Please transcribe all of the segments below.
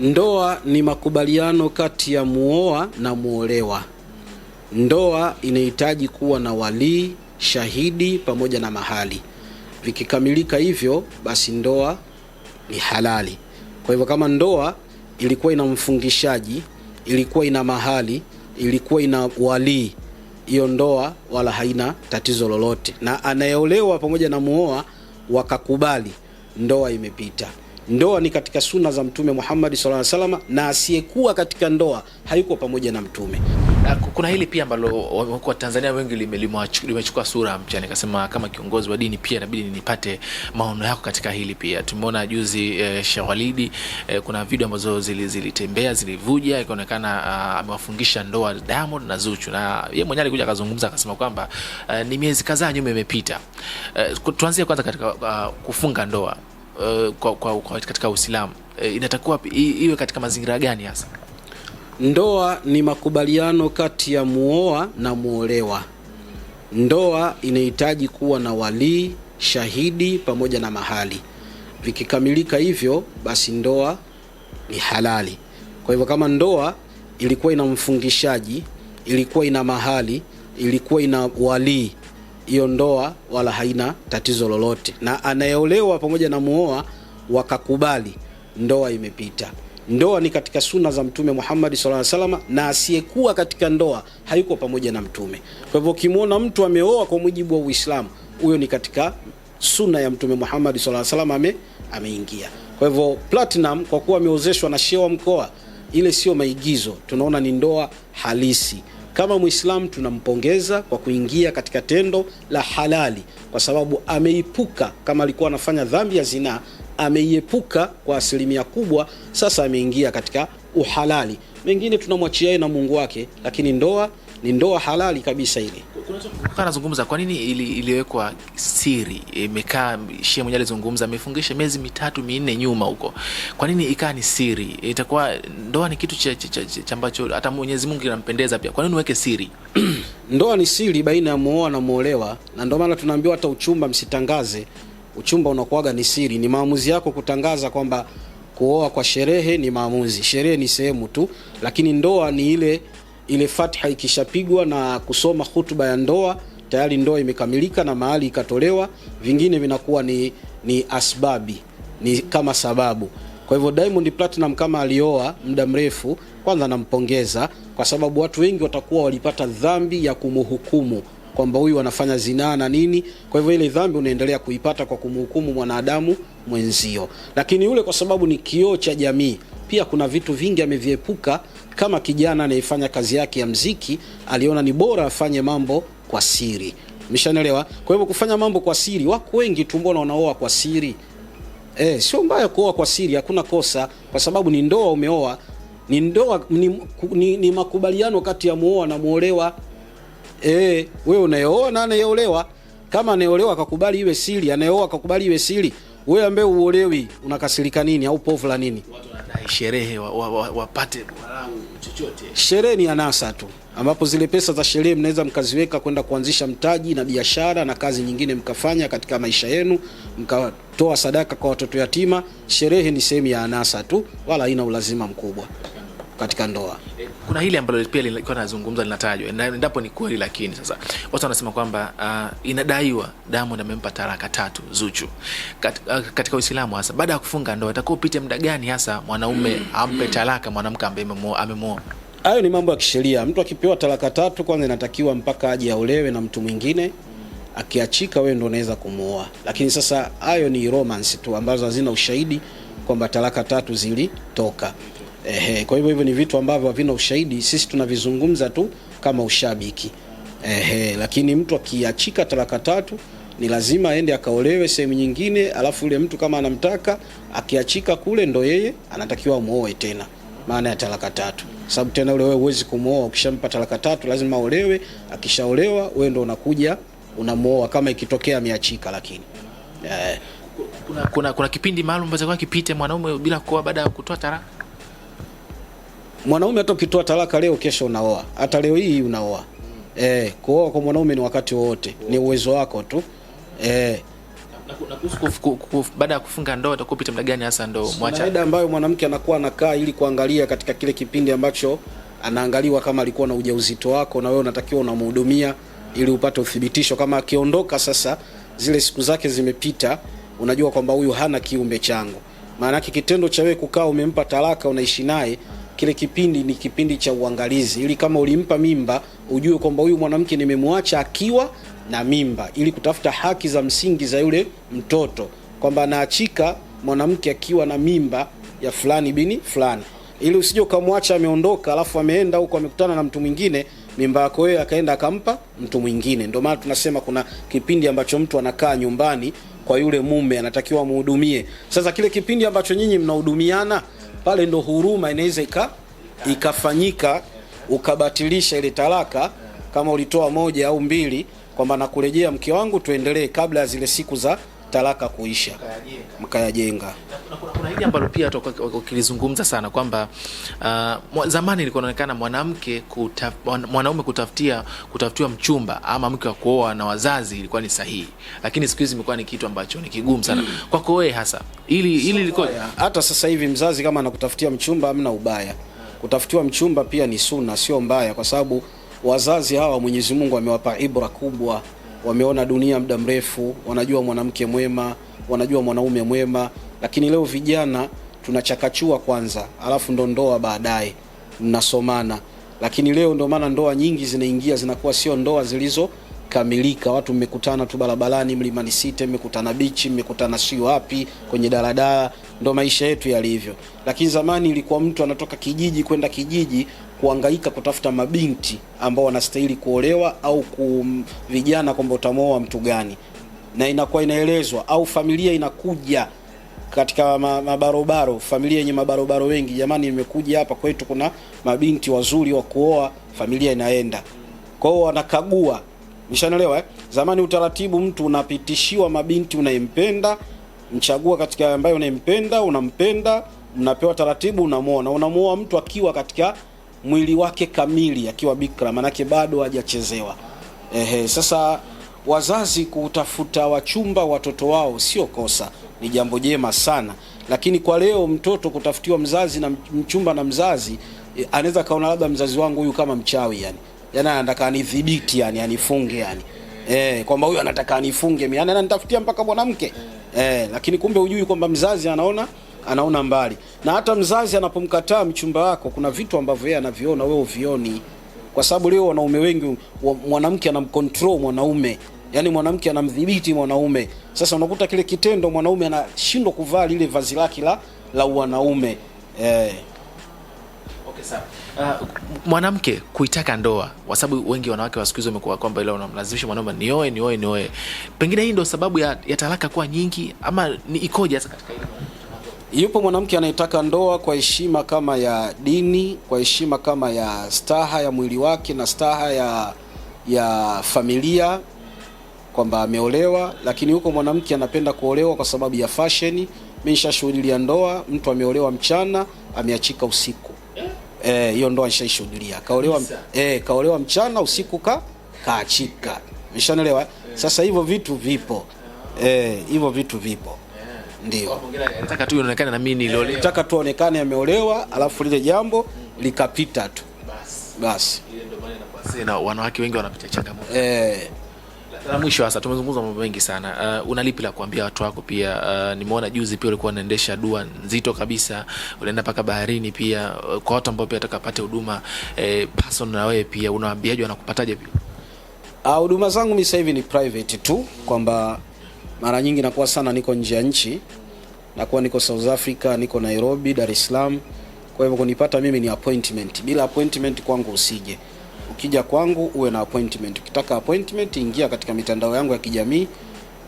Ndoa ni makubaliano kati ya muoa na muolewa. Ndoa inahitaji kuwa na walii, shahidi pamoja na mahali. Vikikamilika hivyo, basi ndoa ni halali. Kwa hivyo, kama ndoa ilikuwa ina mfungishaji, ilikuwa ina mahali, ilikuwa ina walii, hiyo ndoa wala haina tatizo lolote, na anayeolewa pamoja na muoa wakakubali, ndoa imepita. Ndoa ni katika suna za Mtume Muhammad sallallahu alaihi wasallam, na asiyekuwa katika ndoa hayuko pamoja na Mtume. Kuna hili pia ambalo kwa Tanzania wengi limechukua sura mcha, nikasema kama kiongozi wa dini pia inabidi nipate maono yako katika hili pia. Tumeona juzi eh, Sheikh Walidi eh, kuna video ambazo zilitembea zili zilivuja, ikaonekana uh, amewafungisha ndoa Diamond na Zuchu, na yeye mwenyewe alikuja akazungumza akasema kwamba uh, ni miezi kadhaa nyuma imepita. Uh, tuanzie kwanza katika uh, kufunga ndoa Eh, kwa, kwa, kwa, katika Uislamu e, inatakiwa iwe katika mazingira gani hasa? Ndoa ni makubaliano kati ya muoa na muolewa. Ndoa inahitaji kuwa na walii, shahidi pamoja na mahali. Vikikamilika hivyo, basi ndoa ni halali. Kwa hivyo kama ndoa ilikuwa ina mfungishaji, ilikuwa ina mahali, ilikuwa ina walii hiyo ndoa wala haina tatizo lolote, na anayeolewa pamoja na muoa wakakubali, ndoa imepita. Ndoa ni katika suna za Mtume Muhammad sallallahu alaihi wasallam, na asiyekuwa katika ndoa hayuko pamoja na Mtume. Kwa hivyo ukimwona mtu ameoa kwa mujibu wa Uislamu, huyo ni katika suna ya Mtume Muhammad sallallahu alaihi wasallam ameingia. Kwa hivyo Platinum, kwa kuwa ameozeshwa na shewa mkoa, ile sio maigizo, tunaona ni ndoa halisi. Kama Muislamu tunampongeza kwa kuingia katika tendo la halali, kwa sababu ameipuka Kama alikuwa anafanya dhambi ya zinaa, ameiepuka kwa asilimia kubwa. Sasa ameingia katika uhalali, mengine tunamwachia yeye na Mungu wake, lakini ndoa ni ndoa halali kabisa ile anazungumza kwa nini ili, iliwekwa siri, imekaa shie mwenye alizungumza, amefungisha miezi mitatu minne nyuma huko. Kwa nini ikaa ni siri? Itakuwa ndoa ni kitu cha ambacho hata Mwenyezi Mungu inampendeza pia, kwa nini uweke siri? Ndoa ni siri baina ya muoa na muolewa, na ndio maana tunaambiwa hata uchumba msitangaze. Uchumba unakuwaga ni siri, ni maamuzi yako kutangaza kwamba kuoa kwa sherehe ni maamuzi, sherehe ni sehemu tu, lakini ndoa ni ile ile fatha ikishapigwa na kusoma hutuba ya ndoa tayari ndoa imekamilika na mahali ikatolewa. Vingine vinakuwa ni, ni asbabi ni kama sababu. Kwa hivyo Diamond Platinum kama alioa muda mrefu, kwanza nampongeza kwa sababu watu wengi watakuwa walipata dhambi ya kumuhukumu kwamba huyu anafanya zinaa na nini. Kwa hivyo ile dhambi unaendelea kuipata kwa kumhukumu mwanadamu mwenzio, lakini yule kwa sababu ni kioo cha jamii, pia kuna vitu vingi ameviepuka kama kijana anayefanya kazi yake ya mziki, aliona ni bora afanye mambo kwa siri. Umeshaelewa? Kwa hivyo kufanya mambo kwa siri, wako wengi tu mbona wanaoa kwa siri. Eh, sio mbaya kuoa kwa siri, hakuna kosa, kwa sababu ni ndoa, umeoa ni ndoa, ni, ni, ni makubaliano kati ya muoa na muolewa. Eh, wewe unayeoa na anayeolewa, kama anayeolewa akakubali iwe siri, anayeoa akakubali iwe siri, wewe ambaye uolewi unakasirika nini au povu la nini? Watu sherehe wapate wa, wa, walau chochote. Sherehe ni anasa tu, ambapo zile pesa za sherehe mnaweza mkaziweka kwenda kuanzisha mtaji na biashara na kazi nyingine mkafanya katika maisha yenu, mkatoa sadaka kwa watoto yatima. Sherehe ni sehemu ya anasa tu, wala haina ulazima mkubwa katika ndoa. Kuna hili ambalo pia lilikuwa nazungumza linatajwa, endapo ni kweli, lakini sasa watu wanasema kwamba uh, inadaiwa Diamond amempa talaka tatu Zuchu Kat, uh, katika Uislamu hasa baada ya kufunga ndoa itakuwa upite muda gani hasa mwanaume mm, ampe talaka mwanamke ambaye amemwoa? Hayo ni mambo ya kisheria. Mtu akipewa talaka tatu, kwanza inatakiwa mpaka aje aolewe na mtu mwingine akiachika wewe ndo unaweza kumuoa, lakini sasa hayo ni romance tu ambazo hazina ushahidi kwamba talaka tatu zilitoka. Ehe, kwa hivyo hivyo ni vitu ambavyo havina ushahidi, sisi tunavizungumza tu kama ushabiki. Ehe, lakini mtu akiachika talaka tatu ni lazima aende akaolewe sehemu nyingine, alafu yule mtu kama anamtaka akiachika kule, ndo yeye anatakiwa muoe tena, maana ya talaka tatu. Sababu tena yule wewe huwezi kumuoa ukishampa talaka tatu, lazima olewe. Akishaolewa wewe ndo unakuja unamuoa kama ikitokea ameachika, lakini ehe. Kuna, kuna, kuna kipindi maalum ambacho kwa kipite mwanaume bila kuoa baada ya kutoa talaka mwanaume hata ukitoa talaka leo, kesho unaoa, hata leo hii unaoa. Eh, kuoa kwa mwanaume ni wakati wote, ni uwezo wako tu eh. Baada ya kufunga ndoa utakuwa pita muda gani hasa ndio mwacha? Muda ambayo mwanamke anakuwa anakaa ili kuangalia katika kile kipindi ambacho anaangaliwa kama alikuwa na ujauzito wako na wewe unatakiwa unamhudumia ili upate uthibitisho kama akiondoka sasa zile siku zake zimepita, unajua kwamba huyu hana kiumbe changu. Maana kitendo cha wewe kukaa umempa talaka unaishi naye kile kipindi ni kipindi cha uangalizi, ili kama ulimpa mimba ujue kwamba huyu mwanamke nimemwacha akiwa na mimba, ili kutafuta haki za msingi za yule mtoto, kwamba anaachika mwanamke akiwa na mimba ya fulani bini fulani, ili usije ukamwacha ameondoka, alafu ameenda huko amekutana na mtu mwingine, mimba yako wewe akaenda akampa mtu mwingine. Ndio maana tunasema kuna kipindi ambacho mtu anakaa nyumbani kwa yule mume, anatakiwa muhudumie. Sasa kile kipindi ambacho nyinyi mnahudumiana pale ndo huruma inaweza ikafanyika, ukabatilisha ile talaka kama ulitoa moja au mbili, kwamba nakurejea mke wangu, tuendelee kabla ya zile siku za talaka kuisha mkayajenga. Kuna hili ambalo pia ukilizungumza sana kwamba uh, zamani ilikuwa inaonekana mwanamke kutaf, mwanaume kutafutia kutafutiwa mchumba ama mke wa kuoa na wazazi ilikuwa ni sahihi, lakini siku hizi imekuwa ni kitu ambacho ni kigumu sana mm. Kwako wewe hasa ili ili ilikuwa hata sasa hivi mzazi kama anakutafutia mchumba amna ubaya kutafutiwa mchumba pia ni suna, sio mbaya, kwa sababu wazazi hawa Mwenyezi Mungu amewapa ibra kubwa wameona dunia muda mrefu, wanajua mwanamke mwema, wanajua mwanaume mwema, lakini leo vijana tunachakachua kwanza, alafu ndo ndoa baadaye, mnasomana. Lakini leo ndo maana ndoa nyingi zinaingia zinakuwa sio ndoa zilizokamilika. Watu mmekutana tu barabarani, Mlimani City, mmekutana bichi, mmekutana sio wapi, kwenye daladala. Ndo maisha yetu yalivyo, lakini zamani ilikuwa mtu anatoka kijiji kwenda kijiji kuangaika kutafuta mabinti ambao wanastahili kuolewa au kuvijana mm, vijana kwamba utamwoa mtu gani, na inakuwa inaelezwa au familia inakuja katika mabarobaro, familia yenye mabarobaro wengi, jamani, nimekuja hapa kwetu, kuna mabinti wazuri wa kuoa, familia inaenda kwao, wanakagua. Mshanelewa eh? Zamani utaratibu, mtu unapitishiwa mabinti unayempenda, mchagua katika ambayo unayempenda, unampenda, mnapewa taratibu, unamwoa unamwoa mtu akiwa katika mwili wake kamili akiwa bikra, manake bado hajachezewa. Ehe, sasa wazazi kutafuta wachumba watoto wao sio kosa, ni jambo jema sana, lakini kwa leo mtoto kutafutiwa mzazi na mchumba na mzazi e, anaweza kaona labda mzazi wangu huyu kama mchawi yani, yani anataka anidhibiti yani anifunge yani eh, kwamba huyu anataka anifunge mimi, yani ananitafutia mpaka mwanamke eh, lakini kumbe hujui kwamba mzazi anaona anaona mbali, na hata mzazi anapomkataa mchumba wako, kuna vitu ambavyo yeye anaviona wewe uvioni, kwa sababu leo wanaume wengi, mwanamke anamcontrol mwanaume, yaani mwanamke anamdhibiti mwanaume. Sasa unakuta kile kitendo mwanaume anashindwa kuvaa lile vazi lake la la wanaume eh. Okay, sawa. Uh, mwanamke kuitaka ndoa kwa sababu wengi wanawake wa siku hizi wamekuwa kwamba ile unamlazimisha mwanaume nioe nioe nioe, pengine hii ndio sababu ya, ya talaka kuwa nyingi ama ni ikoje hasa katika hilo? Yupo mwanamke anayetaka ndoa kwa heshima kama ya dini, kwa heshima kama ya staha ya mwili wake na staha ya ya familia kwamba ameolewa, lakini huko mwanamke anapenda kuolewa kwa sababu ya fashion. Mimi nishashuhudia ndoa, mtu ameolewa mchana ameachika usiku. Eh, hiyo ndoa nishashuhudia. Kaolewa eh, kaolewa mchana, usiku ka kaachika. Nishanelewa. Eh? Eh. Sasa hivyo vitu vipo. Eh, hivyo vitu vipo ndio nataka tu ionekane na mimi niliolewa, nataka tu aonekane ameolewa, alafu lile jambo likapita tu basi. Ile ndio maana wanawake wengi wanapitia changamoto eh na mwisho hasa tumezungumza mambo mengi sana. Uh, unalipi la kuambia watu wako pia? Uh, nimeona juzi pia ulikuwa unaendesha dua nzito kabisa, unaenda mpaka baharini pia. Uh, kwa watu ambao pia atakapate huduma eh, person na wewe pia unawaambiaje, wanakupataje pia? Ah, huduma uh, zangu mimi sasa hivi ni private tu kwamba mara nyingi nakuwa sana niko nje ya nchi, nakuwa niko South Africa, niko Nairobi, Dar es Salaam. Kwa hivyo kunipata mimi ni appointment, bila appointment kwangu usije. Ukija kwangu uwe na appointment. Ukitaka appointment, ingia katika mitandao yangu ya kijamii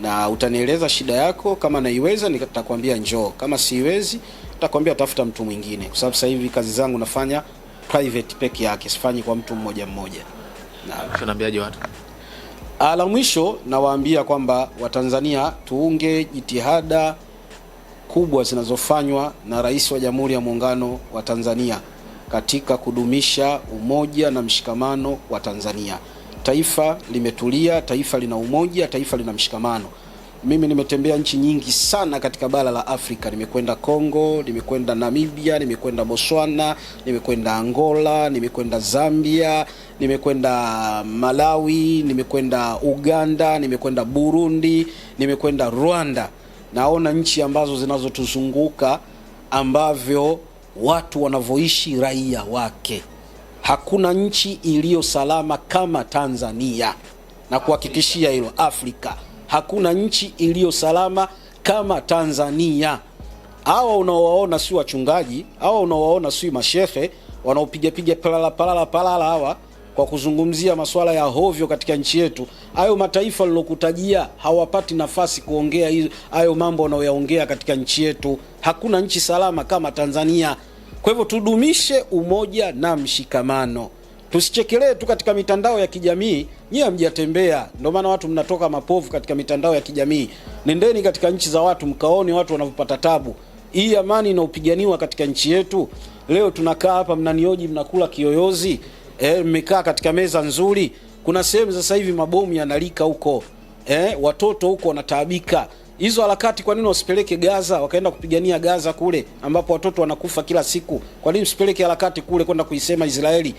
na utanieleza shida yako. Kama naiweza nitakwambia njoo, kama siwezi nitakwambia tafuta mtu mwingine, kwa sababu sasa hivi kazi zangu nafanya private peke yake, sifanyi kwa mtu mmoja mmoja. Na watu? La mwisho nawaambia kwamba Watanzania tuunge jitihada kubwa zinazofanywa na Rais wa Jamhuri ya Muungano wa Tanzania katika kudumisha umoja na mshikamano wa Tanzania. Taifa limetulia, taifa lina umoja, taifa lina mshikamano. Mimi nimetembea nchi nyingi sana katika bara la Afrika. Nimekwenda Kongo, nimekwenda Namibia, nimekwenda Botswana, nimekwenda Angola, nimekwenda Zambia, nimekwenda Malawi, nimekwenda Uganda, nimekwenda Burundi, nimekwenda Rwanda. Naona nchi ambazo zinazotuzunguka ambavyo watu wanavyoishi raia wake. Hakuna nchi iliyo salama kama Tanzania, na kuhakikishia hilo Afrika hakuna nchi iliyo salama kama Tanzania. Hawa unaowaona si wachungaji, hawa unaowaona si mashehe wanaopigapiga palala palala palala hawa kwa kuzungumzia masuala ya hovyo katika nchi yetu. Hayo mataifa lilokutajia hawapati nafasi kuongea hayo mambo wanayoyaongea katika nchi yetu. Hakuna nchi salama kama Tanzania. Kwa hivyo tudumishe umoja na mshikamano. Tusichekelee tu katika mitandao ya kijamii. Nyie hamjatembea, ndio maana watu mnatoka mapovu katika mitandao ya kijamii. Nendeni katika nchi za watu mkaone watu wanavyopata tabu. Hii amani inaopiganiwa katika nchi yetu leo, tunakaa hapa, mnanioji, mnakula kiyoyozi, eh, mmekaa e, katika meza nzuri. Kuna sehemu sasa hivi mabomu yanalika huko e, watoto huko wanataabika. Hizo harakati kwa nini wasipeleke Gaza, wakaenda kupigania Gaza kule ambapo watoto wanakufa kila siku? Kwa nini msipeleke harakati kule kwenda kuisema Israeli?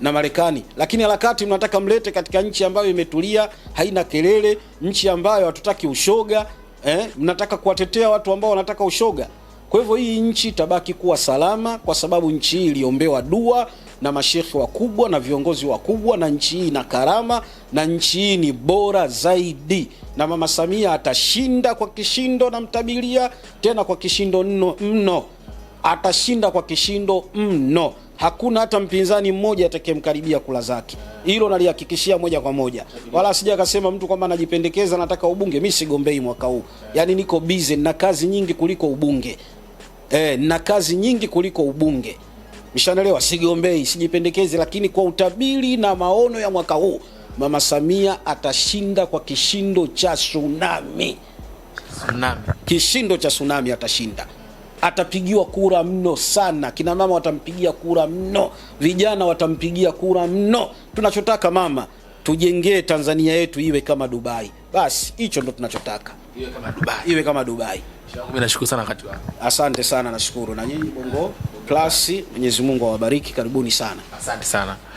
na Marekani, lakini harakati mnataka mlete katika nchi ambayo imetulia, haina kelele, nchi ambayo hatutaki ushoga eh? Mnataka kuwatetea watu ambao wanataka ushoga. Kwa hivyo hii nchi itabaki kuwa salama, kwa sababu nchi hii iliombewa dua na mashekhe wakubwa na viongozi wakubwa, na nchi hii ina karama, na nchi hii ni bora zaidi, na Mama Samia atashinda kwa kishindo, mtabilia tena kwa kishindo mno mno, atashinda kwa kishindo mno hakuna hata mpinzani mmoja atakayemkaribia kula zake. Hilo nalihakikishia moja kwa moja, wala asija akasema mtu kwamba anajipendekeza, nataka ubunge. Mimi sigombei mwaka huu, yani niko busy na kazi nyingi kuliko ubunge e, na kazi nyingi kuliko ubunge. Mshanelewa, sigombei, sijipendekeze, lakini kwa utabiri na maono ya mwaka huu Mama Samia atashinda kwa kishindo cha tsunami. Tsunami, kishindo cha tsunami atashinda atapigiwa kura mno sana. Kina mama watampigia kura mno, vijana watampigia kura mno. Tunachotaka mama, tujengee Tanzania yetu iwe kama Dubai. Basi hicho ndo tunachotaka, iwe kama Dubai, iwe kama Dubai. Mimi nashukuru sana wakati wako. Asante sana, nashukuru na nyinyi Bongo Plus. Mwenyezi Mungu awabariki, karibuni sana, asante sana.